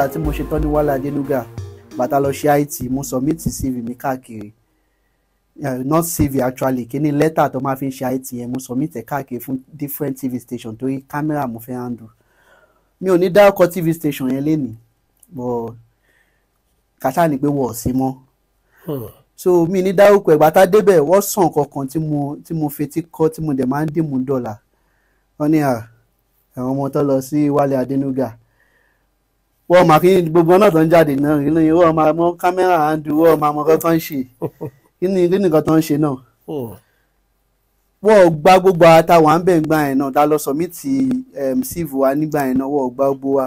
ìgbà tí mo ṣetán ní Wálé Adénúgà bàtà lọ ṣe IT mo submit CV mi káàkiri eh, not CV actually kíní lẹ́tà tó máa fi ṣe IT yẹn mo submit ẹ̀ káàkiri fún different TV station torí kámẹ́rà mo fẹ́ handle mi ò ní dárúkọ TV station yẹn lénìí but kàtà ni pé wọ́n ò sí mọ́ hmm. so mi ní dárúkọ ẹ̀gbá tá débẹ̀ wọ́n sàn kankan tí mo tí mo fetí kọ́ tí mo dẹ̀ máa ń dìmú dọ́là wọ́n ní àwọn ọmọ tó lọ sí Wálé Adénúgà wọ́n máa kí gbogbo náà tó ń jáde náà kí ni wọ́n máa mọ kámẹ́rà àndú wọ́n máa mọ kọ́tọ́ ń ṣe kí ni kí nìkan tó ń ṣe náà. wọ́n gba gbogbo àtàwọn àǹbẹ̀ ń gbà yẹn náà dá lọ sọ̀mìtì síìfù wa nígbà yẹn náà wọ́n gba gbogbo wa.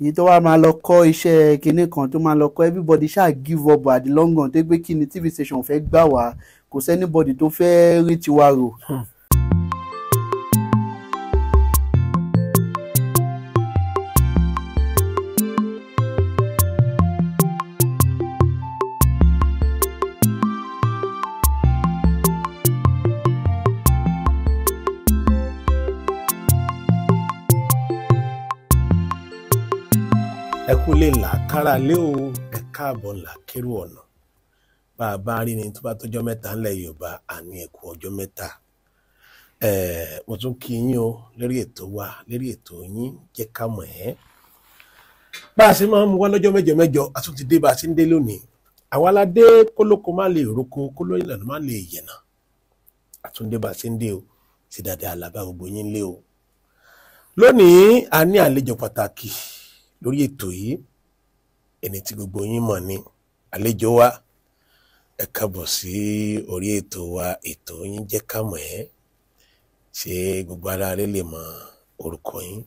èyí tó wá máa lọ kọ́ iṣẹ́ kinní kan tó máa lọ kọ́ everybody ṣáà give up at the long run tó gbé kí ni tv station fẹ́ gbà wá kò sẹ́nibọ̀dì tó fẹ́ rí tiwa rò. Hmm. ara lé o ẹ káàbọ̀ ńlá kérò ọ̀nà bá a bá rí ni tó bá tọ́jọ́ mẹ́ta ńlẹ̀ yorùbá àní ẹ̀kú ọjọ́ mẹ́ta mo tún kí yín o lórí ètò wa lórí ètò yín jẹ́ ká mọ̀ ẹ́ bá a ṣe máa ń mu wá lọ́jọ́ mẹ́jọ mẹ́jọ a tún ti dé bá a ṣe ń dé lónìí àwa la dé kólókó má lè roko kólóyìn lànà má lè yẹ̀nà a tún dé bá a ṣe ń dé o sí dáadáa làbá gbogbo yín lé o lónìí a ní àlejò pàtàkì lórí ètò yìí ẹni tí gbogbo yín mọ̀ ni àlejò wa ẹ kábọ̀ sí orí ètò wa ètò yín jẹ́ ká mọ̀ ẹ́ ṣé gbogbo ara rẹ lè mọ orúkọ yín.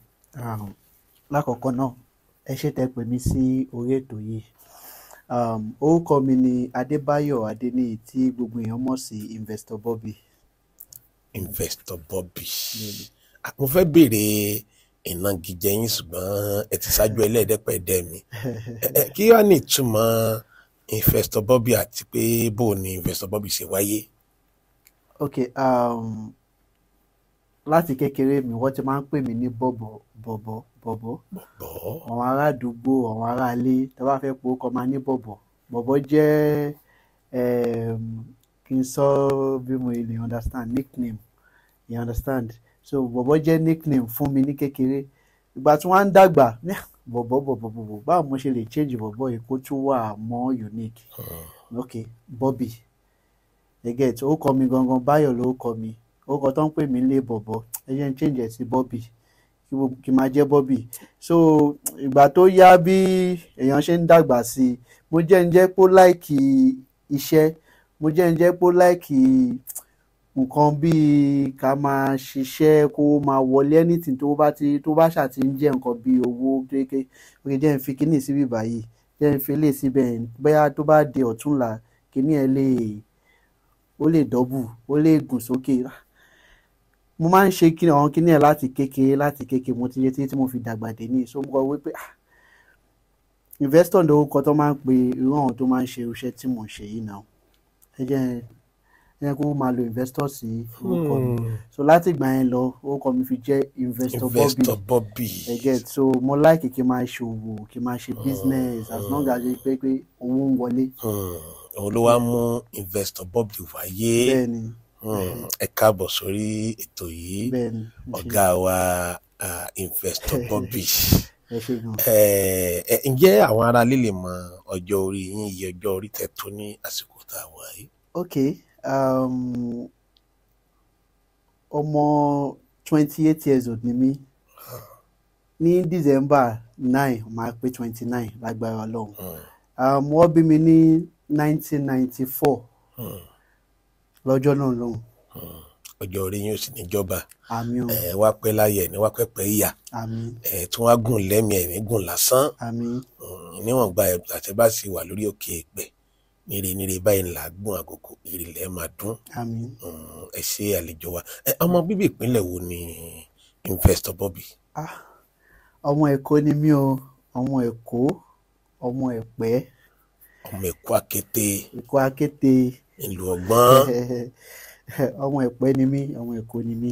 lákọ̀ọ́kọ́ náà ẹ ṣe tẹ́ pè mí sí orí ètò yìí orúkọ mi ni Adébáyọ̀ Adéníyì tí gbogbo èèyàn mọ̀ sí Investor Bobby. Investor Bobby ah, mo fẹ́ béèrè. Mm -hmm ìnagijẹ yín ṣùgbọ́n ẹ ti ṣáájú ẹlẹ́ẹ̀dẹ́pẹ̀ẹ́dẹ́ mi kí wàá ní ìtumọ̀ Investor Bobby àti pé bó ni Investor Bobby ṣe wáyé. ok um, láti kékeré mi wọ́n ti máa ń pè mí ní bọ̀bọ̀ bọ̀bọ̀ bọ̀bọ̀ àwọn ará àdúgbò àwọn ará ilé tó bá fẹ́ pò kọ́ máa ní bọ̀bọ̀ bọ̀bọ̀ jẹ́ um, kí n sọ bí mo lè understand nickname you understand so bọ̀bọ̀ jẹ́ nickname fún mi ní kékeré ìgbà tí wọ́n á ń dàgbà ah, bọ̀bọ̀ bọ̀bọ̀ bọ̀bọ̀ báwo mo ṣe lè change bọ̀bọ̀ yìí kó tún wà more unique hmm. ok Bobby again ó kọ mi gangan Báyọ̀ ló kọ mi ó kọ tó ń pè mí lé bọ̀bọ̀ ẹ jẹ́ n change ẹ̀ sí Bobby kí máa jẹ́ Bobby so ìgbà tó yá bí èèyàn ṣe ń dàgbà sí i mo jẹ́ ń jẹ́ pó láìkì iṣẹ́ mo jẹ́ ń jẹ́ pó láìkì. Like nǹkan bíi ká máa ṣiṣẹ́ kó máa wọlé anything tó bá ti tó bá ṣàti ń jẹ́ nǹkan bíi owó kéèké orí jẹ́ ń fi kíní síbi báyìí jẹ́ ń fi lè síbẹ̀ bóyá tó bá di ọ̀túnla kíní ẹ̀ lè ó lè dọ́bù ó lè gùn sókè mo máa ń ṣe àwọn kíní ẹ̀ láti kékeré láti kékeré mo ti yẹ tí mo fi dàgbà dé ní so mo kọ wípé ah investor lórúkọ tó máa ń pe irú àwọn tó máa ń ṣe irúṣẹ́ tí mò ń ṣe yìí náà ẹ jẹ́ yẹ kó máa lo investor sí orúkọ mi hmm. so láti ìgbà yẹn lọ orúkọ mi fi jẹ́ investor bobby investor bobby again so mo like kí n máa ṣòwò kí n máa ṣe business as long as pé pé owó ń wọlé. Hmm. òun mú investor bobby wáyé hmm. ẹ káàbọ̀ sórí ètò yìí ọ̀gá wa investor bobby ǹjẹ́ àwọn ará líle mọ ọjọ́ orí yín iye ọjọ́ orí tẹ̀ tó ní àsìkò tá a wà yìí. Um, ọmọ twenty eight years old ni mí ní december nine máa pé twenty nine lágbára ọlọ́run um, wọ́n bí mi ní nineteen ninety four lọ́jọ́ náà lọ́hùn. ọjọ́ orí yín ò sì níjọba ẹ wá pẹ́ láyé ẹ̀ ní wá pẹ́pẹ́ ìyà ẹ tún wá gùn lẹ́mìí ẹ̀ ní gùn lásán níwọ̀n gba ẹ̀ àtẹ́bá sì wà lórí òkè ìpẹ́ nire nire báyìí ńlá gún àgògò ìrìlẹ̀ máa dún hm, ẹ ṣe àlejò wa ọmọ bíbí ìpínlẹ̀ wo ni Investor Bobby. Ah, ọmọ èkó ni mí o ọmọ èkó ọmọ ẹ̀pẹ́. ọmọ èkó akété. èkó akété. ìlú ọgbọ́n. ọmọ ẹ̀pẹ́ ni mí ọmọ èkó ni mí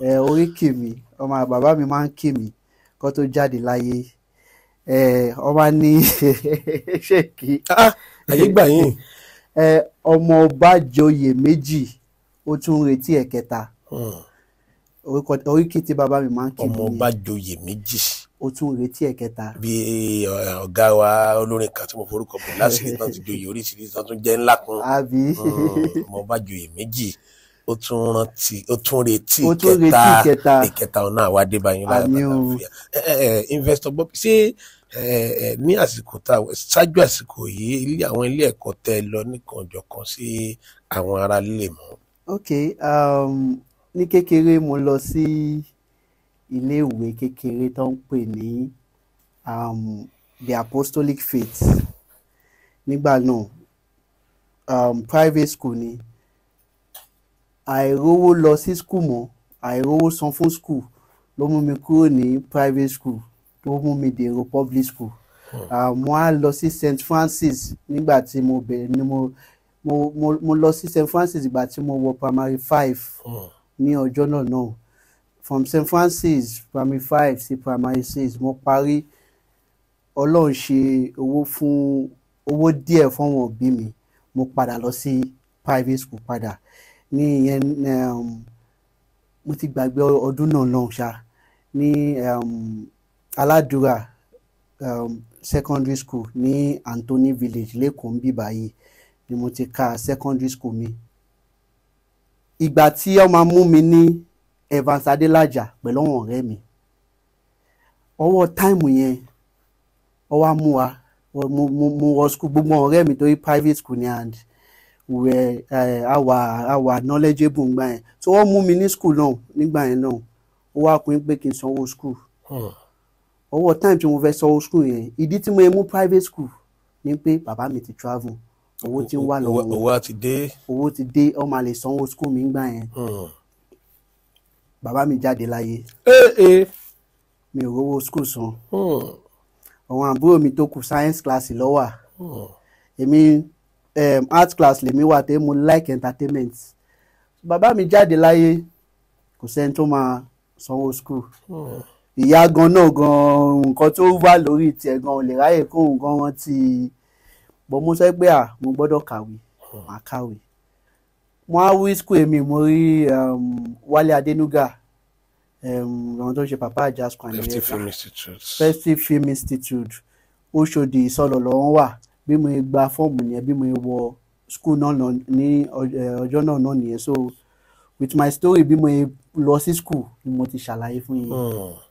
hm. orí kì mí ọmọ bàbá mi máa ń kì mí kó tó jáde láyé ọba ní ṣèkì ayé gbà yín. ẹ ọmọ ọba joyè méjì ó tún ń retí ẹ̀kẹta hmm. oríkì tí bàbá mi máa ń kí mi. ọmọ ọba joyè méjì. ó tún ń retí ẹ̀kẹta. bí eh, ọ̀gá wa olórin kan tí mo forúkọ bọ̀ lásìkò náà ti joyè oríṣiríṣi tó tún jẹ́ ńlá kan. àbí. Hmm, ọmọ ọba joyè méjì ó tún rántí ó tún retí ìkẹta ìkẹta ọ̀nà àwọn adébáyọ̀ láyọ̀ bàtà fìyà. Eh, eh, investor bob ṣé ní àsìkò tá ṣáájú àsìkò yìí ilé àwọn ilé ẹ̀kọ́ tẹ lọ nìkanjọ̀kan sí àwọn ará lílè mọ́. ok um, ní kékeré mo lọ sí iléèwé kékeré tó ń pè ní um, the apostolic faith nígbà náà um, private school ni àìrówó lọ sí school mọ́ àìrówó san fún school ló mú mi kúrò ní private school tó mú mi dèrò public school ah, mo á lọ sí St Francis nígbà tí mo bẹ̀rẹ̀ ni mo mo mo mo lọ sí St Francis ìgbà tí mo wọ primary five ní ọjọ́ náà náà from St Francis primary five sí primary six mo parí ọlọ́run ṣe owó fún owó díẹ̀ fọ́wọ́n òbí mi mo padà lọ sí private school padà ní ìyẹn um, mo ti gbàgbé ọdún náà náà ṣá ní. Um, aládùúrà um, secondary school ní Anthony village lẹ́kọ̀ọ́ ń bì báyìí ni mo ti ka secondary school mi ìgbà tí ó máa mú mi ní Evans Adélájà pẹ̀lú àwọn ọ̀rẹ́ mi ọwọ́ táìmù yẹn ọwọ́ mú wa mo mo wọ school gbogbo ọ̀rẹ́ mi torí private school ni and we uh, awa awa knowledgeable ngbà yẹn so wọ́n mú mi ní school náà nígbà yẹn náà ó wá pín pé kí n sanwó school. Hmm ọwọ́ time tí mo fẹ́ sọ school yẹn ìdí tí mo yẹ mú private school ni pé bàbá mi ti travel owó ti ń wà lọ́wọ́ owó ti dé owó ti dé ọmọ àlè sanwó school mi gbà yẹn hmm. bàbá mi jáde láyé mi ò rówó school san hmm. àwọn àbúrò mi tó kù science class lọ́wà hmm. èmi um, art class lèmi wà tẹ́ mo like entertainment bàbá mi jáde láyé kò sẹ́ni tó máa sanwó school. Hmm ìyá gan náà nǹkan tó wà lórí tiẹ̀ gan ò ráyè kó nǹkan wọn ti bọ́ mo sọ pé à mo gbọ́dọ̀ kàwé mà kàwé mo á wí skul èmi mo rí um, Wálé Adénúgà um, àwọn tó ń ṣe Papa Ajasco Festive Film Institute Festive Film Institute Òṣòdì ìsọlọ̀lọ̀ wọn wà bí mo gba fọ́ọ̀mù yẹn bí mo wọ skul náà ní ọjọ́ náà náà nìyẹn so with my story bí mo lọ sí skul ni mo ti ṣàlàyé fún yín. Mm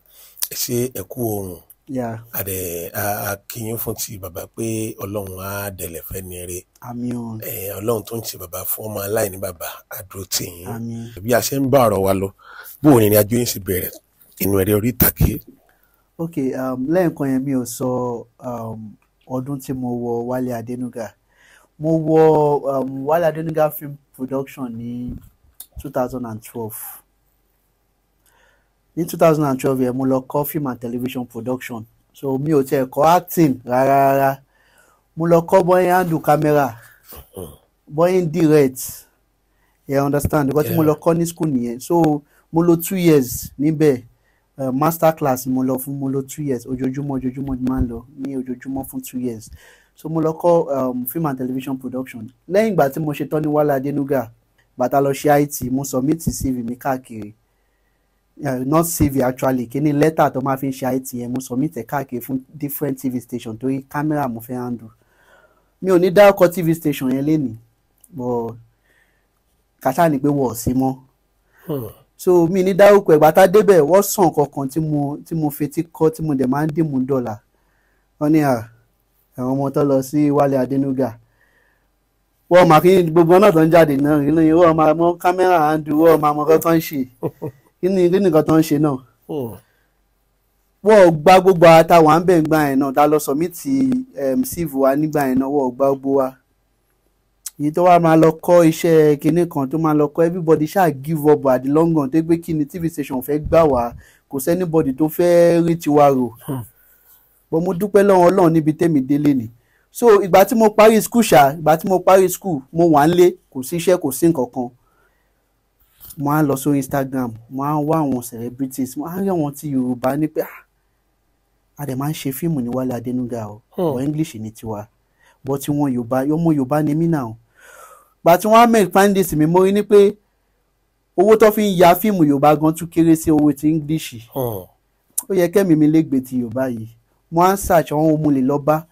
ẹ ṣe ẹ kú oorun àdẹ akínyìn fún ti bàbá pé ọlọ́run á dẹlẹ̀ fẹ́ ní eré ọlọ́run tó ń ti bàbá fún ọmọ aláìní bàbá àdúró tì yín bí a ṣe ń bá ọ̀rọ̀ wa lọ bó òrìn ìrìnàjò yín sì bẹ̀rẹ̀ inú eré orí ìtàgé. ok um, lẹ́ẹ̀kan yẹn mi ò sọ um, ọdún tí mo wọ Wálé Adénúgà mo wọ um, Wálé Adénúgà film production ní two thousand and twelve ní two thousand and twelve yẹn mo lọ kọ́ film and television production so mi ò tiẹ̀ kọ́ acting rárá rárá mo lọ kọ́ bọ́yìn handle camera bọ́yìn direct You yeah, understand because yeah. mo lọ kọ́ ní school nìyẹn so mo lò two years níbẹ̀ uh, master class mo lọ fún mo lò two years ojoojúmọ́ ojoojúmọ́ ni máa ń lọ ní ojoojúmọ́ fún two years so mo lọ kọ́ um, film and television production lẹ́yìn ìgbà tí mo ṣe tán ní Wálé Adénúgà bàtà lọ ṣe IT mo submit CV mi káàkiri not CV actually kí letter lẹ́tà tó máa fi ń ṣe ITM mo submit ẹ̀ káàkiri fún different TV station torí camera. mo fẹ́ handle mi ò ní dárúkọ TV station yẹn lénìí but kàtà ni pé wọ́n ò sí mọ́ hmm. so mi ní dárúkọ ìgbà tá a débẹ̀ wọ́n sàn kankan tí mo tí mo fetí kọ́ tí mo dẹ̀ máa ń dìmú dọ́là wọ́n ní àwọn ọmọ tó lọ sí Wálé Adénúgà wọ́n máa fi gbogbo náà tó ń jáde náà ìlú yìí wọ́n máa mọ kámẹ́rà handle wọ́n máa mọ kọ́kọ́ ń ṣe. kíni kíni nǹkan tó ń ṣe náà wọ́n gba gbogbo ara táwọn à ń bẹ̀ ń gbà yẹn náà ta lọ sọ̀mítì síìfù wa nígbà yẹn náà wọ́n gba gbogbo wa èyí tó wá máa lọ kọ́ iṣẹ́ kinní kan tó máa lọ kọ́ everybody ṣáà give up at the long run tó gbé kí ni tv station fẹ́ gbà wá kò sẹ́nibọ́dì tó fẹ́ rí tiwa rò hmm. bọ́n mo dúpẹ́ lọ́wọ́ ọlọ́run níbi tèmi délé ni so ìgbà tí mo parí school ṣá ìgbà tí mo parí school mo wà ń lé kò sí iṣẹ́ kò sí nǹkan kan mo á lọ sórí Instagram mo á wá àwọn celebrities mo á rí àwọn ti Yorùbá ní pé ah, a dẹ̀ máa ń ṣe fíìmù ní Wálé Adénúgà o ọ̀ hmm. English ní tiwa bọ́ tí wọ́n Yorùbá ọmọ Yorùbá ni mí náà gba tí wọ́n á mẹ́rin pandis mi mo rí ni pé owó tó fi ń ya fíìmù Yorùbá gan tún kéré sí owó ti English hmm. ó yẹ kẹ́mi mi lè gbé ti Yorùbá yìí mo á ń search àwọn ohun mo lè lọ bá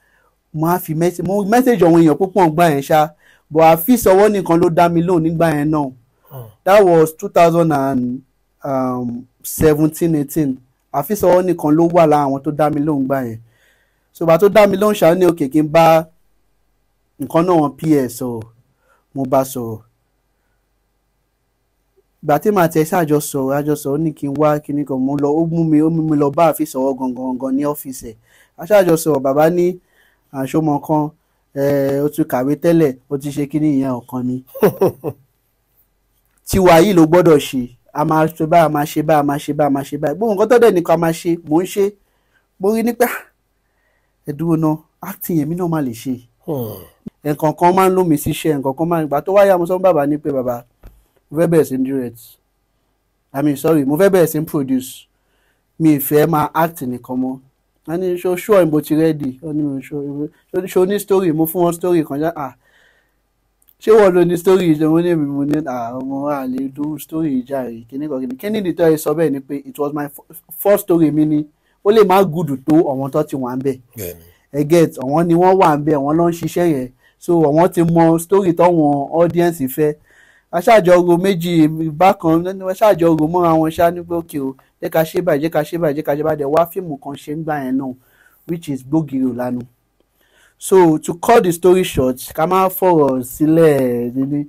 mo á fi message àwọn èèyàn púpọ̀ gbà yẹn ṣá bọ̀ àfi ìsọwọ́ nìkan ló dá mi lóhùn nígbà yẹn náà That was two thousand and seventeen eighteen àfisọwọ́ nìkan ló wà lára àwọn tó dá mi lóhùn gbà yẹn ṣùgbọ́n tó dá mi lóhùn ṣáà ní òkè kí n bá nǹkan náà wọn ps sọ̀rọ̀ mo bá sọ̀rọ̀ ìgbà tí màá tẹ ṣáàjọ sọ̀rọ̀ àjọ sọ̀rọ̀ ní kí n wá kíní kan mo lọ ó mú mi ó mú mi lọ bá àfisọwọ́ gangan ní ọ́fíìsì ẹ̀ ṣáàjọ sọ̀rọ̀ bàbá ní àṣomọ̀ kan ó ti kàwé tẹ́lẹ̀ ó ti ṣe kíní ìyẹn ọ̀kan ni tiwa yìí ló gbọ́dọ̀ ṣe a máa ṣe báyìí a máa ṣe báyìí a máa ṣe báyìí a máa ṣe báyìí gbogbo nǹkan tó nìkan a máa ṣe mò ń ṣe mo rí nípa ẹ̀dúró náà acting èmi náà má lè ṣe nǹkan kan máa ń lómi síṣẹ́ nǹkan kan máa ń gbà tó wáyà mo bàbá ní pé bàbá mo fẹ́ bẹ̀rẹ̀ sí ní direct i mean sorry mo fẹ́ bẹ̀rẹ̀ sí ní produce mi ìfẹ́ máa act nìkan mọ́ a ní ṣo ṣó ìbò ti rẹ́ẹ̀dì ṣo ní story mo fún wọn story kan já ah ṣé wọ́n lo ni story, yìí lòun ní èmi mo ní àwọn ah, àlè dúró sítórì yìí jàre kíní kan kíní kíní nìtọ́ ẹ sọ bẹ́ẹ̀ ni pé it was my first story mi ni ó lè má gùdù tó ọ̀wọ́n tó ti wà ń bẹ̀ ẹ get ọ̀wọ́n ni wọ́n wà ń bẹ̀ ọ̀wọ́n ló ń ṣiṣẹ́ yẹn so ọ̀wọ́n ti mọ sítórì tọ́wọ́n audience fẹ́ aṣáàjọrò méjì bákan aṣáàjọrò mọ́ra wọn ṣá ní pé òkè o jẹ́ ká ṣe báyìí jẹ́ ká ṣe báyìí jẹ́ ká ṣe báyìí dẹ̀ wá fíìmù kan ṣe ń gbà yẹn náà which is gbógiri òlanu so to cut the story short ká má fọ̀rọ̀ sílẹ̀ níní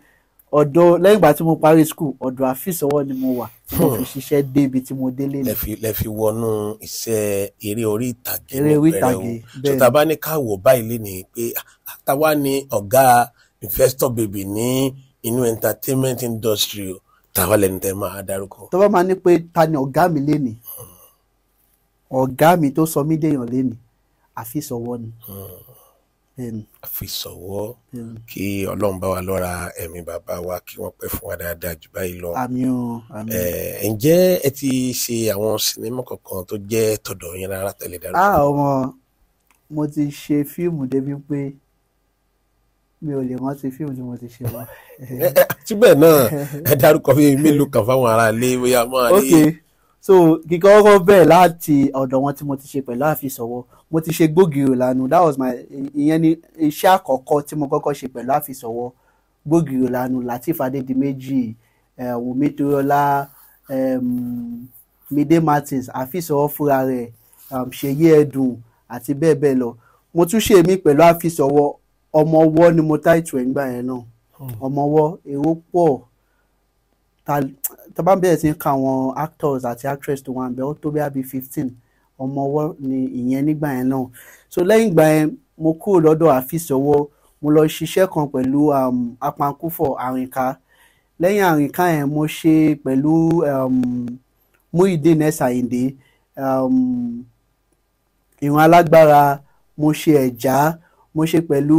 ọ̀dọ̀ lẹ́yìn ìgbà tí mo parí school ọ̀dọ̀ àfìsọ́wọ́ ni mo wà tí mo fi ṣiṣẹ́ débi tí mo délé ni. lẹ fi wọnú iṣẹ́ eré orí ìtàgé eré orí ìtàgé bẹ́ẹ̀ so tàbá ní káwọ báyìí léni pé àtàwa ah, ni ọ̀gá investor baby ní inú entertainment industry o tàwa lẹni tẹ máa dárúkọ. tó bá máa ní pé ta ni ọ̀gá mi léni hmm. ọ̀gá mi tó sọ mí déèyàn léni àfìsọ́wọ́ ni. Hmm fi sọ̀wọ́ kí ọlọ́run bá wa lọ́ra ẹ̀mí bàbá wa kí wọ́n pẹ́ fún wa dáadáa jù báyìí lọ. àmín o àmín. ǹjẹ́ ẹ ti ṣe àwọn sinimá kankan tó jẹ́ tọ̀dọ̀ yín rárá tẹ̀lé dáadáa. a ah, ọmọ mo ti ṣe fíìmù débi pé mi ò lè rántí fíìmù tí mo ti ṣe wá. síbẹ̀ náà ẹ dárúkọ bíi mélòó kan fáwọn ará ilé bóyá máa rí. ok so kíkọ́ kọ́kọ́ bẹ̀rẹ̀ láti ọ̀dọ̀ wọn tí mo ti ṣe pẹ̀lú àfisọ̀wọ́ mo ti ṣe gbógìrì lànà that was my ìyẹn ni iṣẹ́ àkọ́kọ́ tí mo kọ́kọ́ ṣe pẹ̀lú àfisọ̀wọ́ gbógìrì lànà Lateef Adédìméjì eh, Wùmí Toríọlá Mide Martins àfisọ̀wọ́ fúnra rẹ̀ Ṣèyí Ẹ̀dùn àti bẹ́ẹ̀ bẹ́ẹ̀ lọ mo tún ṣe mí pẹ̀lú àfisọ̀wọ́ ọmọwọ́ ni mo táìtù ẹ̀ ń gbà yẹn náà hmm. ọmọwọ́ èrò pọ̀ tá bá bẹ̀rẹ̀ sí ń ka àwọn actors àti actress tó wà ń bẹ̀ ó tó bí fifteen ọmọ ọwọ́ ni ìyẹn nígbà yẹn náà so lẹ́yìn ìgbà yẹn mo kúrò lọ́dọ̀ àfíìsì ọwọ́ mo lọ ṣiṣẹ́ kan pẹ̀lú um, apankúfọ̀ àrìnká lẹ́yìn àrìnká yẹn mo ṣe pẹ̀lú um, Muideen S. Ayinde um, ìran alágbára mo ṣe ẹ̀já mo ṣe pẹ̀lú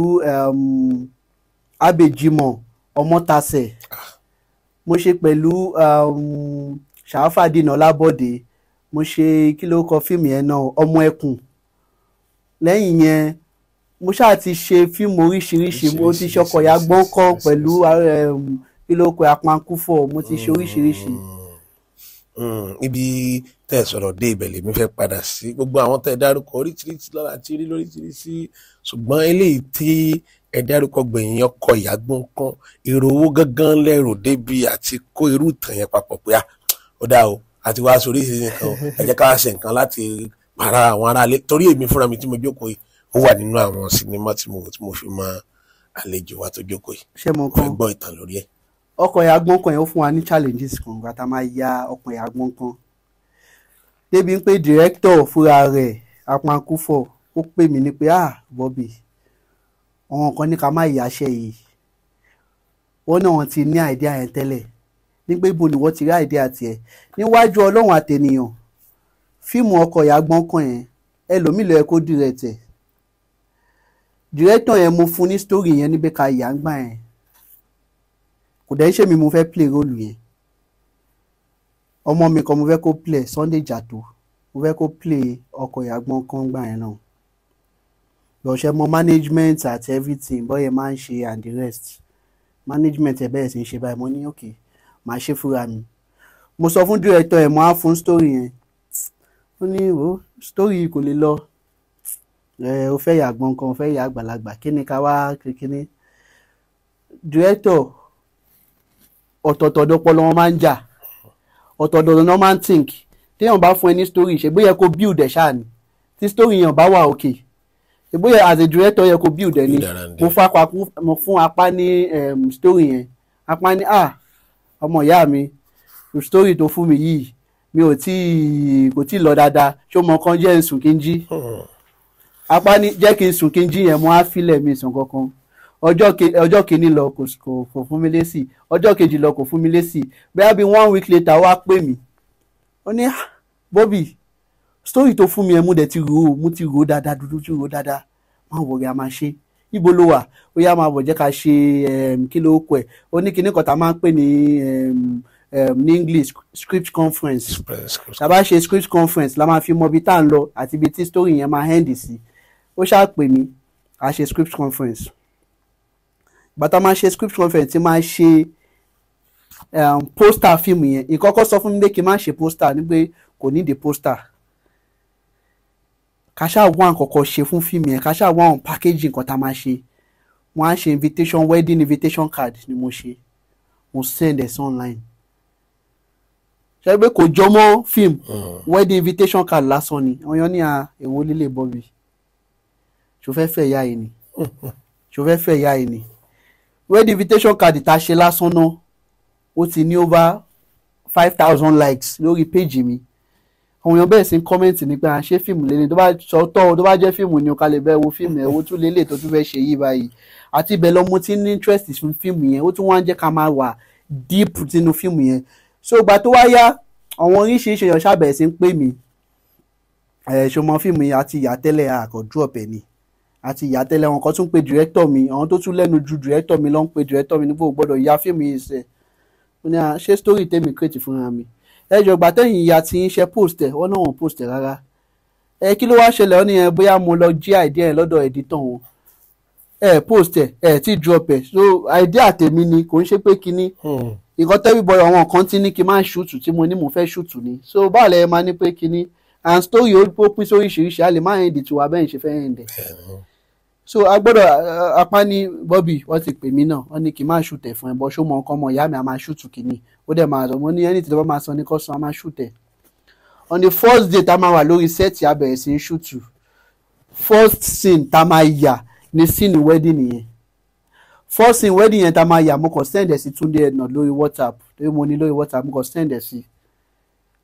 abèjìmọ̀ ọmọtasẹ̀ ah. mo ṣe pẹ̀lú ṣàáfàdínà lábọ́dé. Um, mo ṣe kí ló kọ fíìmù yẹn náà ọmọ ẹkùn lẹ́yìn yẹn mo ṣáà ti ṣe fíìmù oríṣiríṣi mo ti ṣọkọ̀yà gbọ́ńkọ́ pẹ̀lú um, kí ló kọ apankúfọ̀ mo ti ṣe oríṣiríṣi. Mm, mm, ibi tẹ́ ẹ sọ̀rọ̀ dé ibẹ̀ lèmi fẹ́ padà sí gbogbo àwọn tẹ́ ẹ dárúkọ oríṣiríṣi lára àti rí lóríṣiríṣi ṣùgbọ́n eléyìí tí ẹ dárúkọ gbẹ̀yìn ọkọ̀ ìyàgbọ́n kan èrò owó gángan lẹ́rù débi àti kó irú ìtàn yẹn papọ̀ pé ah, ó dáa o àti wàá sórí ìṣẹ̀lẹ̀ nǹkan ẹ jẹ́ ká ṣe nǹkan láti para àwọn aráalé torí èmi fúnra mi tí mo jókòó yìí ó wà nínú àwọn sinimá tí mo tí mo fi mọ àlejò wa tó jókòó yìí ṣé mo kàn gbọ́ ìtàn lórí ẹ̀. ọkọ̀ ìyá gbọ́n kan yẹn ó fún wa ní challenges kan gba máa ya ọkọ̀ ìyá gbọ́n kan débi pé director fúnra rẹ̀ apankúfọ̀ ó pè mí ní pé ah Bobby àwọn kan ní ká má yàṣẹ́ yìí wọ́n náà ti ní àìdí àyẹ̀ntẹ́lẹ̀ nígbà ibo ni wọ́n ti rí àìdí àti ẹ̀ níwájú ọlọ́run àtẹnìyàn fíìmù ọkọ̀ ìyá gbọ́nkàn yẹn ẹlòmíì ló yẹ kó dìrẹ̀tẹ̀ dìrẹ́tọ̀ yẹn mo fún ní sítórì yẹn níbi ká ìyá ń gbà yẹn kò dẹ́ ṣe mi mo fẹ́ play role yẹn ọmọ mi kan mo fẹ́ kó play Sunday Jatto mo fẹ́ kó play ọkọ̀ ìyá gbọ́nkàn gbà yẹn náà lọ́sẹ̀ mọ management àti everything bọ́yẹ̀ máa ń ṣe and the rest management ẹ̀ bẹ́ẹ̀ sì ń ṣe báyìí mo ní okay màá ṣe fúnra mi mo sọ fún dírẹ́tọ̀ ẹ̀ mo á fún sítórì yẹn ó ní o sítórì kò lè lọ ẹ o fẹ́ yà gbọ́n kan o fẹ́ yà àgbàlagbà kí ni ká wá kíní dírẹ́tọ̀ ọ̀tọ̀ọ̀tọ̀ ọ̀dọ́pọ̀lọ́ wọn máa ń jà ọ̀tọ̀ọ̀tọ̀ ọ̀dọ́ máa ń think téèyàn bá fún ẹ ní sítórì ṣe bóyá kó build ẹ̀ ṣáà ni tí sítórì yẹn bá wà òkè ìbóyè as a director yẹ kó build ẹ ní mo fún apá ní ehm, sítórì yẹn apá ní ah ọmọ ìyá mi sítórì tó fún mi yìí mi ò tí kò tí lọ dáadáa ṣó mọ kan jẹ́ nsùn kí n jí apá ní jẹ́ kí n sùn kí n jí yẹn mo á filẹ̀ mi sùn kankan ọjọ́ kìíní lọ kò fún mi lésì ọjọ́ kejì lọ kò fún mi lésì bẹ́ẹ̀ bí one week later wá pè mí ó ní ah, Bobby sítórì tó fún mi yẹn mo dẹ̀ ti rò ó mo ti rò ó dáadáa dúdú ti rò ó dáadáa má wọ̀rẹ́ a máa ṣe é ibo ló wà ó yá máa bọ̀ jẹ́ ká ṣe ehm, kí ló kọ ẹ̀ ó ní kinní tá a máa ń pè ní ehm, ehm, ní English script conference tá a ṣe script conference la máa fi mọ ibi tá à ń lọ àti ibi tí story yẹn máa end sí ó ṣáà pè mí a ṣe script conference bàtà máa ṣe script conference ti máa ṣe poster fíìmù yẹn ìkọ́kọ́ sọ fún mi pé kí n má ṣe poster ní pé kò ní di poster ká ṣáà wá nǹkankan ṣe fún fíìmù yẹn ká ṣáà wá àwọn pákéjì nǹkan tá a máa ṣe wọ́n á ṣe invitation wedding invitation card ni mo ṣe mo send ẹ̀sán online ṣe pé kò jọ mọ́ fíìmù mm. wedding invitation card lásán ni àwọn yẹn ní à ah, èwo lílé bọ́bí ṣò fẹ́ fẹ́ ìyá yìí ni ṣò fẹ́ fẹ́ ìyá yìí ni wedding invitation card tá a ṣe lásán náà ó ti ní over five thousand likes lórí péjì mi àwọn èèyàn bẹ̀rẹ̀ sí ń kọ́mẹ̀ntì ní pé à ń ṣe tó bá sọ tọ́ o tó bá jẹ́ fíìmù ni o ká lè bẹ́ẹ̀ wo fíìmù ẹ̀ o tún lélẹ̀ tó tún fẹ́ ṣe yí báyìí àti ibẹ̀ lọ mo ti ní interest fún fíìmù yẹn ó tún wá ń jẹ́ ká máa wà deep nínú fíìmù yẹn so ìgbà tó wá yá àwọn oríṣiríṣi èèyàn ṣàbẹ̀rẹ̀ sí ń pè mí ẹ̀ ṣo mọ fíìmù yẹn àti ìyàtẹ́lẹ̀ àkọ́jú ọ̀pẹ ni àti ìyàtẹ́lẹ̀ wọn kan tún pe director mi àwọn tó tún lẹ́nu ju director mi ló pe director mi nígbà gbọ́dọ̀ ya fíìmù yìí sẹ́ ṣé story tèmi create fúnra mi ẹ jọ̀gbà tẹ̀yìn ìyá tí ń ṣe post ẹ̀ wọ́n náà wọ́n post ẹ̀ rárá ẹ kí ló wáá ṣẹlẹ̀ ó ní bóyá mo lọ jí idea ẹ̀ lọ́dọ̀ editor wọn ẹ post ẹ̀ ẹ̀ tí drop ẹ̀ so idea tèmi ni kò ń ṣe pé kinní ìkan tẹ́bí bọ̀rọ̀ àwọn kan tí ní kí n máa ṣùtù tí mo ní mo fẹ́ ṣùtù ni so báàlẹ̀ ẹ máa ní pé kinní and story ó pín sóríṣiríṣi a lè má end tiwa bẹ́ẹ̀ ṣe fẹ́ end so a gbọ́dọ̀ apá ní Bobby wọ́n ti pè mí náà wọ́n ní kí n máa ṣùtẹ̀ fún ẹ bọ́ ṣó mọ nǹkan mọ ìyá mi a máa ṣùtù kìíní ó dẹ̀ máa sọ mo ní ẹni tí tọ́ba máa san ní kọ́sán a máa ṣùtẹ̀ on the first day tá a máa wà lórí sẹ́ẹ̀tì a sí ṣùtù first scene tá a máa yà ní scene wedding yẹn first scene wedding yẹn tá a máa yà mo kàn send ẹ̀ sí Túndé ẹ̀nà lórí WhatsApp lórí mo ní lórí WhatsApp mo kàn send ẹ̀ sí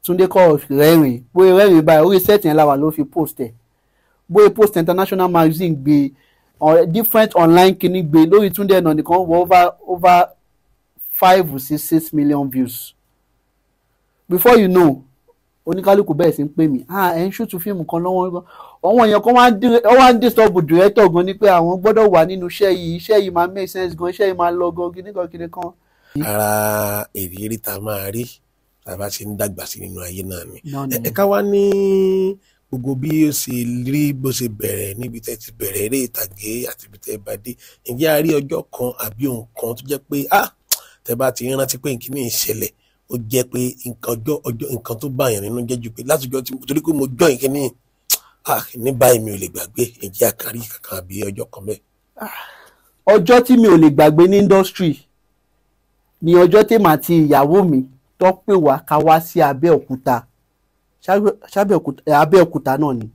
Túndé kọ́ rẹ́rìn bóyá rẹ́rìn báyìí orí sẹ́ẹ̀tì yẹn la ló fi post ẹ̀ bóyá post international magazine gbé different online kìíní gbé lórí Túndé ẹ̀nà nìkan wọ over over five sí six six million views before you know oníkálukú bẹ́ẹ̀ sí ń pè mí ah ẹ̀ ń ṣùtù fíìmù kan lọ́wọ́ àwọn èèyàn kan wá ń disturb director gan ni pé àwọn gbọ́dọ̀ wà nínú iṣẹ́ yìí iṣẹ́ yìí máa make sense gan iṣẹ́ yìí máa lọ gan kìnnìkan kìnnìkan. ara ìrírí tá a máa rí tá a bá ṣe ń dàgbà sí nínú ayé náà ni ẹ ká wá ní gbogbo bí ó ṣe rí bó ṣe bẹ̀rẹ̀ níbi tẹ́ ti bẹ̀rẹ̀ eré ìtàgé àti ibi tẹ́ bá dé ǹjẹ́ a rí ọjọ́ kan àbí ohun kan tó jẹ́ pé ah tẹ́ bá ti rántí pé nǹkan ní ìṣẹ̀lẹ̀ ó jẹ́ pé nǹkan ọjọ́ ọjọ́ nǹkan tó bá yàn nínú jẹ́ ju pé látọjọ́ tí mo torí pé mo jọ nǹkan ní ah, ní báyìí mi ò lè gbàgbé ìjẹ́ àkárí kankan àbí ọjọ́ kan bẹ́ẹ̀. Ah. ọjọ́ tí mi ò lè gbàgbé ní indọ́strì ni ọjọ́ tèmi àti ìyàwó mi tó pè wá ká wá sí Abẹ́òkúta Abẹ́òkúta náà ni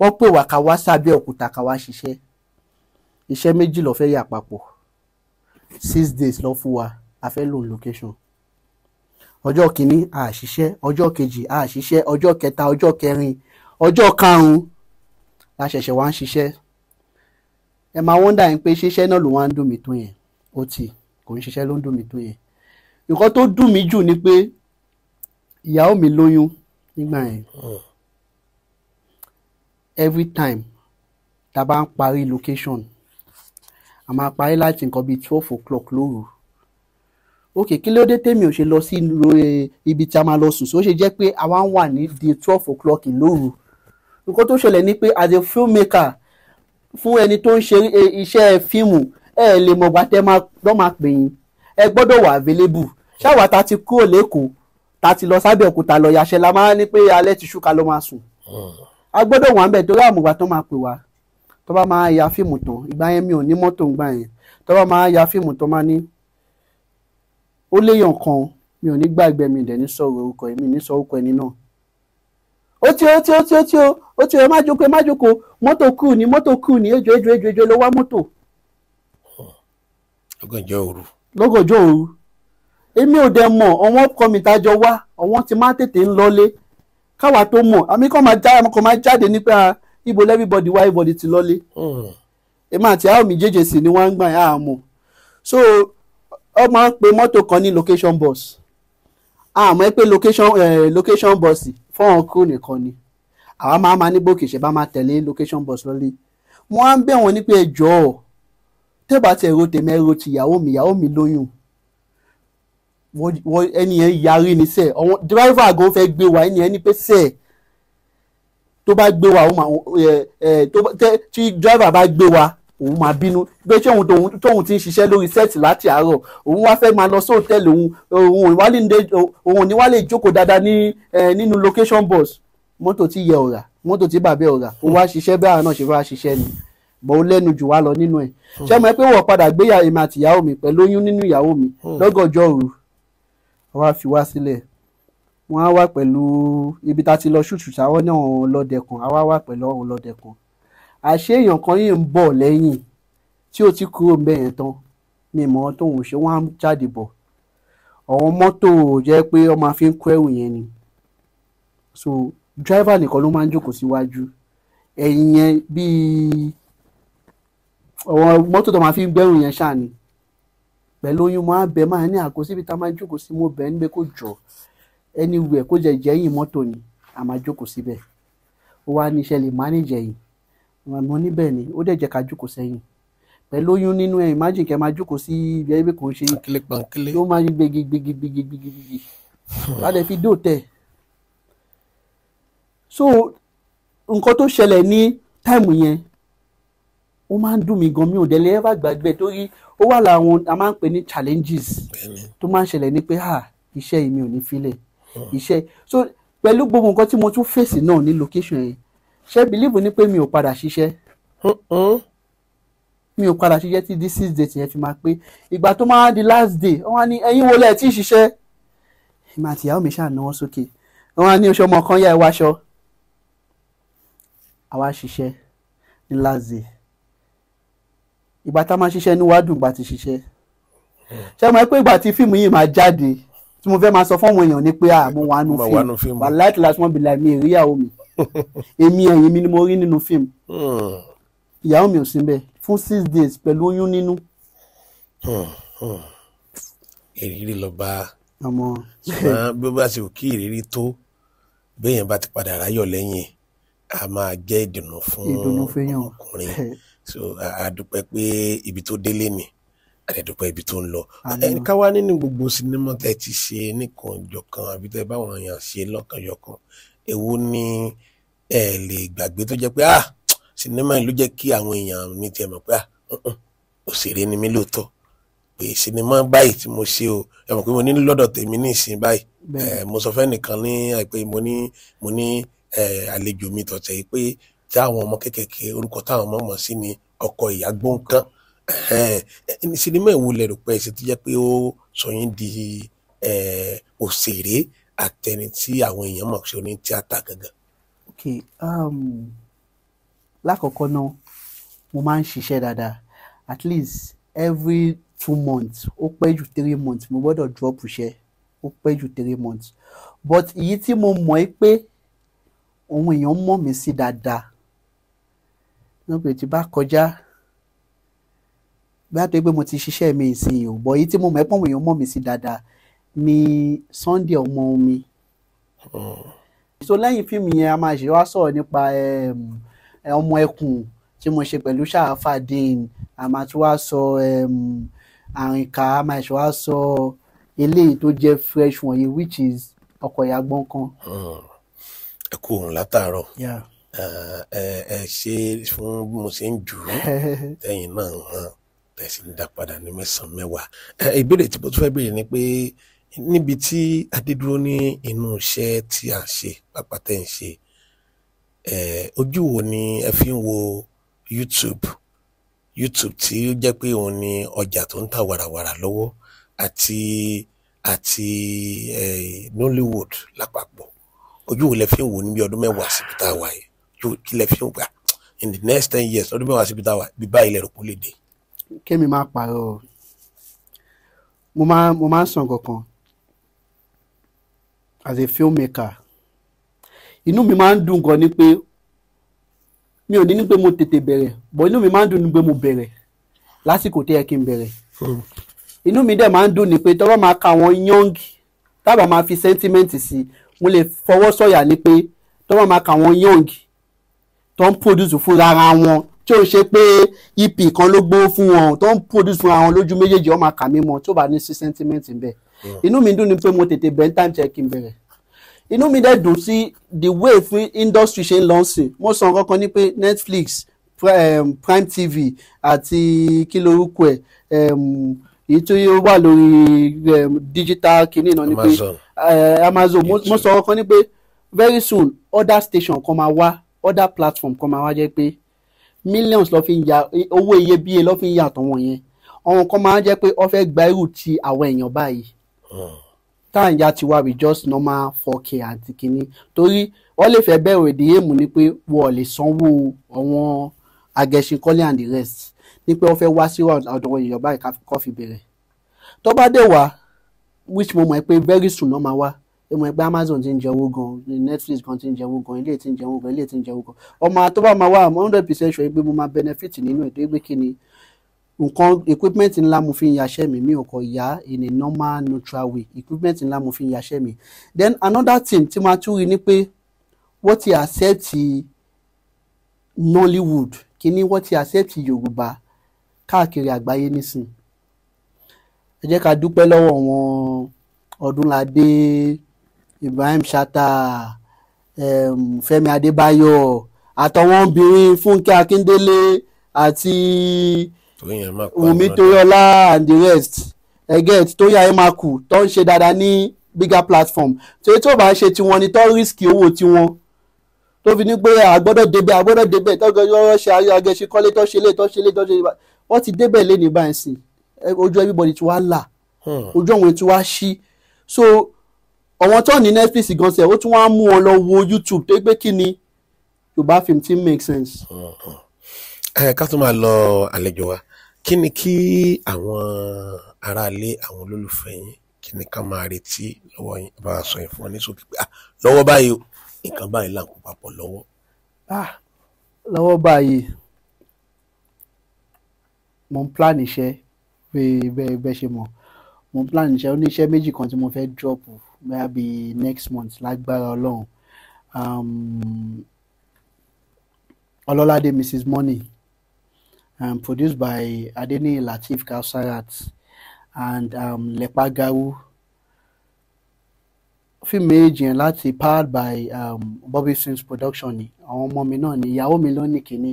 wọ́n pè wá ká wá sí Abẹ́òkúta ká wá ṣiṣẹ́ iṣẹ́ méjì ló fẹ́ yà papọ̀ six days lọ fún wa a fẹ́ lò location ọjọ́ kìíní a ọjọ́ kejì a ṣiṣẹ́ ọjọ́ kẹta ọjọ́ kẹrin ọjọ́ karùn-ún la ṣẹ̀ṣẹ̀ wá ń ṣiṣẹ́ ẹ máa wọ́ndà yín pé ṣiṣẹ́ náà ló wá ń dùn mí tó yẹn ó ti kò ń ṣiṣẹ́ ló ń dùn mí tó yẹn nǹkan tó dùn mí jù ni pé ìyàwó mi lóyún nígbà yẹn hmm. every time tá a bá ń parí location a máa parí láti nǹkan bíi twelve o'clock lóru ok kí ló dé tèmi ò ṣe lọ sí e, ibi tí a máa lọ sùn so ó ṣe jẹ́ pé a wá ń wà ní di twelve o'clock lóru nǹkan tó ṣẹlẹ̀ ni pé as a filmmaker fún ẹni tó ń ṣe e, iṣẹ́ fíìmù ẹ lè mọ̀gbà tẹ́ lọ́ máa pè yín ẹ gbọ́dọ̀ wà available ṣáwa ta ti kúrò lẹ́kọ̀ọ́ ta ti lọ sábẹ́ òkúta lọ yàṣẹ́ la máa ní pé alẹ́ ti ṣú lọ máa sùn hmm. a gbọ́dọ̀ wà ń bẹ̀ torí àmọ̀gbà tó máa pè wá tó bá máa ya fíìmù tán ìgbà yẹn mi ò ní mọ́tò ń gbà yẹn tó bá máa ya fíìmù tán máa ní ó léèyàn kan mi ò ní gbàgbé mi dẹ̀ ní sọ̀rọ̀ orúkọ mi ní sọ orúkọ ẹni náà ó tí ó tí ó tí ó tí ó ó tí ó má jókòó má jókòó mọ́tò kù ní mọ́tò kù ní ejò ejò ejò ejò ló wá mọ́tò. lọ́gànjọ́ òru. lọ́gànjọ́ òru èmi ò dẹ̀ mọ̀ ọ̀wọ́n kọ́ mi tájọ wá ọ̀wọ́n ti má tètè ń lọlé káwa tó mọ̀ àmì kọ́ máa jáde ní pé ibo everybody wá everybody ti lọ́lé hmm. èmi àti àwọn mi jèjì ni wọ́n ń gbà yà á mọ̀ so ọ pe mọ́tò kan ní location bus àmọ́ pé location eh, location bus fọ́ọ̀n kú nìkan ni àwa máa ma ní bókè ṣe máa tẹ̀lé location bus lọ́lé wọ́n á ń bẹ̀ wọ́n ní pé ẹ jọ̀ọ́ tẹ́bà tẹ̀ ro tèmi ẹ̀rọ ti ìyàwó mi ìyàwó mi lóyún ẹni yẹn yarí ni sẹ́ẹ̀ ọ̀wọ́n dírẹ́fà gan fẹ́ gbé wa ẹni yẹn ní pé sẹ́ẹ̀ tó bá gbé wa tí driver bá gbé wa òun máa bínú pé ṣé òun tóun ti ń ṣiṣẹ́ lórí sẹ́ẹ̀tì láti àárọ̀ òun wá fẹ́ máa lọ sí òtẹ́ẹ̀lì òun òun ní wá lè jókòó dáadáa nínú location bus mọ́tò tí yẹ ọ̀rà mọ́tò tí bàbá ọ̀rà ó wá ṣiṣẹ́ bí àwọn náà ṣe wá ṣiṣẹ́ ni bọ̀ ó lẹ́nu jù wá lọ nínú ẹ̀ hmm. ṣé mo pé wọ́n padà gbé èmi àtìyàwó mi pẹ̀lú oyún nínú ìyàwó mi hmm. lọ́gọ̀jọ́ òru wọ́n á fi wá sílẹ̀ wọ́n á wà pẹ̀lú ibi tá a ti lọ ṣùtù táwọn náà lọ́dẹ kan á wá wà pẹ̀lú ọ̀hún lọ́dẹ kan àṣé èèyàn kan yìí ń bọ̀ lẹ́yìn tí ó ti kúrò ń bẹ̀ yẹn tán ni ìmọ̀ tóun ṣe wọ́n á jáde bọ̀ ọ̀hún mọ́tò jẹ́ pé ọmọ àfi ń kó ẹrù yẹn ni so driver nìkan ló máa ń jókòó síwájú ẹ̀yìn yẹn bíi ọ̀hún mọ́tò tó máa fi ń gbẹ́rù yẹn ṣáà ni pẹ̀lú oyún máa bẹ̀ máa ní àkóso ibi tá a máa jókòó sí mo bẹ̀ ẹ́ níbẹ̀ kó jọ̀ọ́ anywhere kó jẹ jẹ́yìn mọ́tò ni a máa jókòó síbẹ̀ ó wá ní iṣẹ́ lè manage ẹ̀yìn mo níbẹ̀ ni ó dẹ̀ jẹ́ ká jókòó sẹ́yìn pẹ̀lú oyún nínú ẹ̀yìn imagine kẹ́ máa jókòó sí ibi ẹ̀yìn kò ń ṣe yóò máa ní gbégi gbégi gbégi gbégi gbégi ládẹ fi dò tẹ̀ so nǹkan tó ṣẹlẹ̀ ní táìmù yẹn ó máa ń dùn mí gan mi ò délé ever gbàgbé torí ó wà láwọn a máa ń pè ní challenges tó máa ń ṣẹlẹ̀ ní pé ah, iṣẹ́ yìí mi ò ní filẹ̀ iṣẹ́ so pẹ̀lú gbogbo nǹkan tí mo tún fèsì náà ní location yẹn ṣé bìlíìfù ni pé mi ò padà ṣiṣẹ́ mi ò padà ṣiṣẹ́ tí this six date yẹn fi máa pé ìgbà tó máa di last day wọ́n á ní ẹ̀yin wo lẹ́ẹ̀ tí ì ṣiṣẹ́ èmi àti ìyàwó mi ṣáà náwó sókè wọ́n á ní oṣù ọmọ kan yá ẹ wáṣọ àwa ṣiṣẹ́ ní last day ìgbà tá a máa ṣiṣẹ́ ní wàá dùn ìgbà tí ṣiṣẹ́ ṣé mo ẹ pé ìgbà tí fíìmù yìí máa jáde tí mo fẹ́ máa sọ fún àwọn èèyàn ni pé à ah, mo wà nù fíìmù wàláì tí lásìmọ́ bìlà mi ìríyàwó mi èmi ẹ̀yìn mi ni mo rí nínú fíìmù hmm. ìyàwó mi ò sí bẹ́ẹ̀ fún six days pẹ̀lú oyún nínú. Hmm, hmm. ìrírí lọ bá ṣùgbọ́n bí ó bá ṣe kí ìrírí tó béèyàn bá ti padà ráyọ̀ lẹ́yìn a máa jẹ́ ìdùnnú fún ọkùnrin so a dúpẹ́ pé ibi tó délé ni àdẹ̀dùpẹ́ ibi tó ń lọ. ká wá nínú gbogbo sinimá tẹ́ ti ṣe nìkan jọ̀kan àbí tẹ́ báwọn èèyàn ṣe lọ́kànjọ̀kan èwo ni ẹ lè gbàgbé tó jẹ́ pé ah sinimá yìí ló jẹ́ kí àwọn èèyàn mi tiẹ̀ mọ̀ pé ah òṣèré ni mí lóòótọ́ pé sinimá báyìí tí mo ṣe o ẹ mọ̀ pé mo ní lọ́dọ̀ tèmi ní ìsìn báyìí mo sọ fẹ́ nìkan ní àìpẹ́ mo ní mo ní àlejò mi tọ̀tẹ̀ yìí pé táwọn ọmọ kéékèèké orúkọ táwọn ọmọ mọ̀ sí ni ọkọ ìyá gbóǹkan Eh, eh, sinimá ìwo lẹ rò pé ẹ ṣe tó jẹ́ pé ó sọ yín di eh, òṣèré àtẹni tí àwọn èèyàn mọ̀ ṣe oní tíátà gangan. ok um, lákọ̀ọ́kọ́ náà mo máa ń ṣiṣẹ́ dáadáa at least every two months ó pẹ́ jù three months mo gbọ́dọ̀ drop iṣẹ́ ó pẹ́ jù three months but èyí tí mo mọ̀ ẹ́ pé òun èèyàn mọ̀ mí sí dáadáa nígbà tí bá kọjá bí a tó pé mo ti ṣiṣẹ́ mi ìsìn o bọ̀ èyí tí mo mọ̀ ẹ́ pọ̀n èèyàn mọ̀ mi sí dáadáa ni Sunday ọmọ mi. Hmm. so lẹ́yìn fíìmù yẹn a máa ṣe wá sọ̀rọ̀ nípa ehm, ọmọ ẹkùn tí mo ṣe pẹ̀lú ṣáàfà dín a máa tún wá sọ ehm, àrìnká a máa ṣe wá sọ eléyìí tó jẹ́ fresh wọ̀nyí which is ọkọ̀ ìyá gbọ́n kan. Hmm. ẹ kú òun látàárọ̀ eh, eh, ẹ ṣe fún bí mo ṣe ń jù ú ẹ̀yin náà ẹ sì ń dá padà ní mẹ́sàn-án mẹ́wàá ìbéèrè tí mo tún fẹ́ béèrè ni pé níbi tí adédúró ní inú iṣẹ́ tí à ń ṣe pápá tẹ́ ń ṣe ojú wo ni ẹ fi ń wo YouTube YouTube tí ó jẹ́ pé òun ni ọjà tó ń ta wàràwàrà lọ́wọ́ àti àti Nollywood lápapọ̀ ojú wo lẹ fi ń wò ní ọdún mẹ́wàá síbi tá a wà yìí ojú kí lẹ fi ń gbà in the next ten years ọdún mẹ́wàá síbi tá a wà bí báyìí lẹ́rù kó lè dé kémi máa pààrọ̀ mo máa mo máa ń sàn kankan as a filmmaker inú mi máa ń dùn gan ni pé mi ò ní ní pé mo tètè bẹ̀rẹ̀ bọ̀ inú mi máa ń dùn ni pé mo bẹ̀rẹ̀ lásìkò tó yẹ kí n bẹ̀rẹ̀ hmm. inú mi dẹ̀ máa ń dùn ni pé tọ́wọ́ máa ka àwọn young tábà máa fi sentiment sí mo lè fọwọ́ sọ̀yà ni pé tọ́wọ́ máa ka àwọn young tó ń produce fúnra wọn tí ó ṣe pé ep kan ló gbówó fún wọn tó ń produce fún àwọn lójú méjèèjì ọmọ àkà mi tó bá ní sí sentiment bẹ́ẹ̀ hmm. inú mi dùn ni pé mo tètè bẹ́ẹ̀ time check in bẹ̀rẹ̀ inú mi dẹ̀ dùn sí the way fún industry ṣe ń lọ sí mo sọ nǹkan ní pé Netflix Prime TV àti kí lorúkọ ẹ̀ èyí tó wà lórí digital kìíní náà ni pé Amazon eh, mo sọ ọkàn ni pé very soon other station kan máa wá other platform kan máa wá jẹ́ pé millions ló fi ń ya owó iyebíye ló fi ń yàtọ̀ wọn yẹn àwọn kan máa ń jẹ́ pé ó fẹ́ gba irú ti àwọn èèyàn báyìí hmm. tá à ń ya tiwa we just normal four k àti kínní torí wọ́n lè fẹ́ bẹ̀rù èdè èèmù ni pé wọ́n lè sanwó àwọn agẹṣinkọ́lé and the rest ni pé wọ́n fẹ́ wá sí ọ̀dọ̀ èèyàn báyìí kó fi bẹ̀rẹ̀ tó bá dé wá which moment mọ̀ pé very soon ló máa wá èmọ̀ ẹgbẹ́ Amazon ti ń jẹ́wọ́ gan Netflix gan ti ń jẹ́wọ́ gan ilé ti ń jẹ́wọ́ gan ilé ti ń jẹ́wọ́ gan ọmọ tó bá máa wá àmọ́ hundred percent sọ pé mo máa benefit nínú ètò ìgbé kí ni nǹkan equipment ńlá mo fi ń yaṣẹ́ mi mi ò kọ̀ yá in a normal neutral way equipment ńlá mo fi ń yaṣẹ́ mi then another thing tí máa tún rí ni pé wọ́n ti accept Nollywood kí ni wọ́n ti accept Yorùbá káàkiri àgbáyé nísìn ẹ jẹ́ ká dúpẹ́ lọ́wọ́ wọn Ọdúnládé Ibrahim Shatta, um, Fẹ́mi Adébáyọ̀ àtọwọn obìnrin Fúnkẹ́ Akíndélé àti Wùmí Toyọlá and the rest ẹgẹt get toya emaku. máa kù tó ń ṣe dáadáa ní bigger platform tó tó bá ń ṣe tiwọn ni tó rísíkì owó tiwọn tó fi ní pé àgbọ́dọ̀ débẹ̀ àgbọ́dọ̀ débẹ̀ tọ́gọ́dọ̀ ṣe agẹṣe kọ́lé tó ṣe lé tó ṣe lé tó ṣe lé wọ́n ti débẹ̀ lé ní báyìí sí ojú everybody ti wá là hmm. ojú àwọn ti wá ṣí so àwọn tó ní Netflix gan sẹ ó tún wá mú wọn lọ wo YouTube tó gbé kí ni Yorùbá film ti make sense. ẹ ká tún máa lọ àlejò wa kí ni kí àwọn aráalé àwọn olólùfẹ́ yín kí ni ká máa retí lọ́wọ́ yín bá a sọ yín fún ọ ní sókè pé lọ́wọ́ báyìí o nǹkan báyìí là ń kó papọ̀ lọ́wọ́. lọ́wọ́ báyìí mo ń plan iṣẹ́ bẹ́ẹ̀ bẹ́ẹ̀ ṣe mọ̀ mo ń plan iṣẹ́ ó ní iṣẹ́ méjì kan tí mo fẹ́ drop Maybe next month lágbára ọlọ́run um, ọlọ́ládé mrs money um, produced by adeniyi Latif kausarat and um, lepa gawu fíìmù méjì yẹn láti powered by um, bobby sims production ni àwọn ọmọ mi náà ni ìyàwó mi ló ní kínní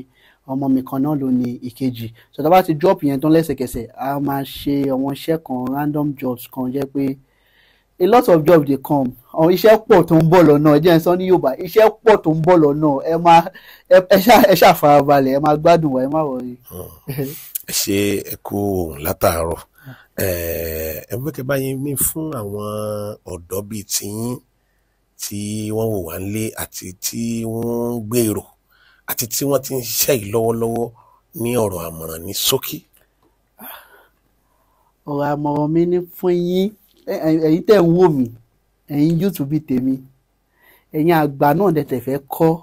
ọmọ mi kan náà ló ní ìkejì so tá a bá ti drop yẹn tán lẹ́sẹ̀kẹsẹ̀ a máa ṣe àwọn iṣẹ́ kan random jobs kan jẹ́ pé a lot of jobs dey come àwọn iṣẹ́ pọ̀ tó ń bọ̀ lọ́nà ẹ jẹ́ n sọ ní Yorùbá iṣẹ́ pọ̀ tó ń bọ̀ lọ́nà ẹ máa ẹ ṣàfarabalẹ̀ ẹ máa gbádùn wa ẹ má wọrí. ẹ ṣe ẹ kú ohun látàárọ̀ ẹ mú kí báyìí mi fún àwọn ọ̀dọ́ bíi tiyín tí wọ́n wò wá ń lé àti tí wọ́n ń gbèrò àti tí wọ́n ti ń ṣiṣẹ́ yìí lọ́wọ́lọ́wọ́ ní ọ̀rọ̀ àmọ̀ràn ní ṣókí. ọ̀rọ̀ àmọ̀ràn mi ní fún yín ẹ̀yin tẹ̀ ń wò mí ẹ̀yin YouTube tèmi ẹ̀yin àgbà náà dẹ̀tẹ̀ fẹ́ kọ́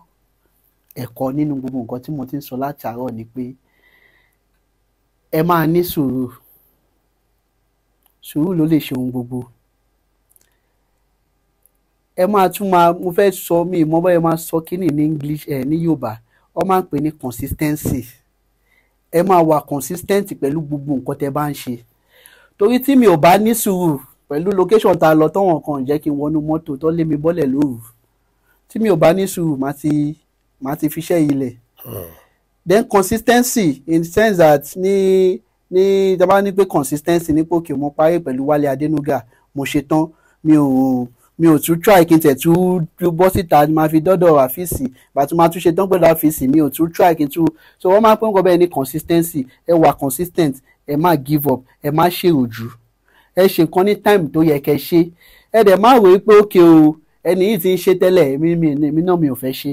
ẹ̀kọ́ nínú gbogbo nǹkan tí mo ti ń sọ láti àárọ̀ ni pé ẹ máa ní sùúrù sùúrù ló lè ṣe ohun gbogbo ẹ máa tún máa mo fẹ́ sọ mi ìmọ̀ bá ẹ máa sọ kíní ní English ẹ eh, ní Yorùbá ọ máa ń pè ní consistency ẹ máa wà consistent pẹ̀lú gbogbo nǹkan tẹ bá ń ṣe torí tí mi ò bá ní sùúrù pẹ̀lú location tá a lọ tọ́wọ̀n kan jẹ́ kí n wọnú mọ́tò tó lé mi bọ́lẹ̀ lóru tí mi ò bá ní sùúrù màá ti màá ti fiṣẹ́ ilẹ̀ hmm. then consistency in sense that ní ní dábàá ní pé consistency ní pé òkè mo parí pẹ̀lú Wálé Adénúgà mo ṣe tán mi ò mi ò tún try kí n tẹ̀ tún bọ́ síta máa fi dọ́dọ̀ àfíìsì bàtú máa tún ṣe dán pẹ̀lú àfíìsì mi ò tún try kí n tún so wọ́n máa ń pẹ́ ń kọ́ bẹ́ẹ̀ ní consistency ẹ wà consistent ẹ má give up ẹ má ṣèròjú ẹ ṣe nǹkan ní time tó yẹ kẹ́ ṣe ẹ dẹ̀ má wòó pé ókè o ẹni yìí ti ń ṣe tẹ́lẹ̀ èmi èmi náà mi ò fẹ́ ṣe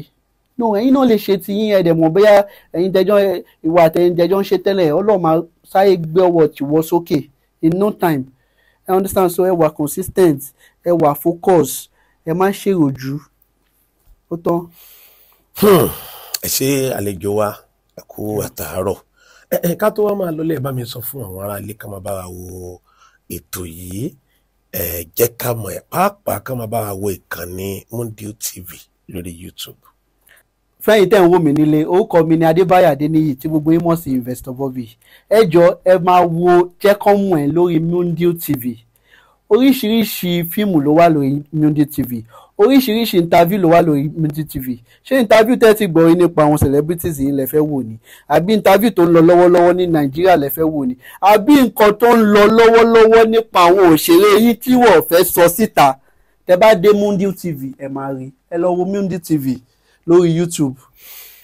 no ẹ̀yin náà lè ṣe ti yín ẹ dẹ̀ mọ̀ bóyá ẹ̀yin tẹ́jọ́ ìwà àtẹ̀yin tẹ́jọ́ ń ṣe tẹ́lẹ̀ ọlọ́run máa sáyé gbé ọwọ́ tìwọ́ sókè in no time ẹ understand so ẹ wà consistent ẹ wà focus ẹ má ṣe òjú ó tán. Hmm. ẹ ṣe àlejò wa ẹ kú àtàárọ̀ ẹ ká tó wá máa lọ lẹ́ẹ̀ bá mi sọ fún àwọn ará ilé ká máa bára wo ètò yìí ẹ jẹ́ ká mọ̀ ẹ́ pàápàá ká máa bá wa wo ìkànnì Moondew TV lórí YouTube. fẹ́yìn tẹ́ ń wò mí nílé orúkọ mi ni adébáyọ̀ adéníyì tí gbogbo yín mọ̀ sí Investor Bobby ẹ jọ ẹ máa wo jẹ́kọ́mù ẹ̀ lórí Moondew TV oríṣiríṣi fíìmù ló wà lórí Mundi TV oríṣiríṣi interview ló wà lórí Miliki TV ṣé interview tẹ́ ti gbọ́ nípa àwọn celebrities yìí lẹ fẹ́ wò ni àbí interview tó ń lọ lọ́wọ́lọ́wọ́ ní Nàìjíríà lẹ fẹ́ wò ni àbí nǹkan tó ń lọ lọ́wọ́lọ́wọ́ nípa àwọn òṣèré yìí tí wọ́n fẹ́ sọ síta tẹ́ bá dé Miliki TV ẹ máa rí ẹ lọ wo Miliki TV lórí YouTube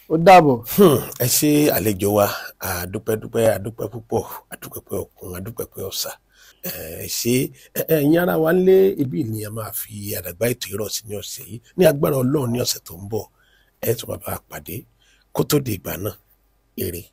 ó dàbọ̀. Hmm, ẹ ṣe àlejò wa àdúpẹ́dúpẹ́ àdúpẹ́ púpọ̀ àdúpẹ́pẹ́ ọ̀kun àdúpẹ́pẹ́ ọ̀sà ṣe ẹ̀yin ara wa nílé ibi ni a máa fi àdàgbà ètò ìrọ̀ sí ní ọ̀sẹ̀ yìí ní agbára ọlọ́run ní ọ̀sẹ̀ tó ń bọ̀ ẹ̀ tún bàbá pàdé kó tó di ìgbà náà ire.